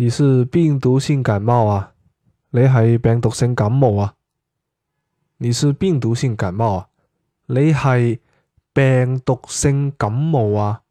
你是病毒性感冒啊？你係病毒性感冒啊？你是病毒性感冒啊？你係病毒性感冒啊？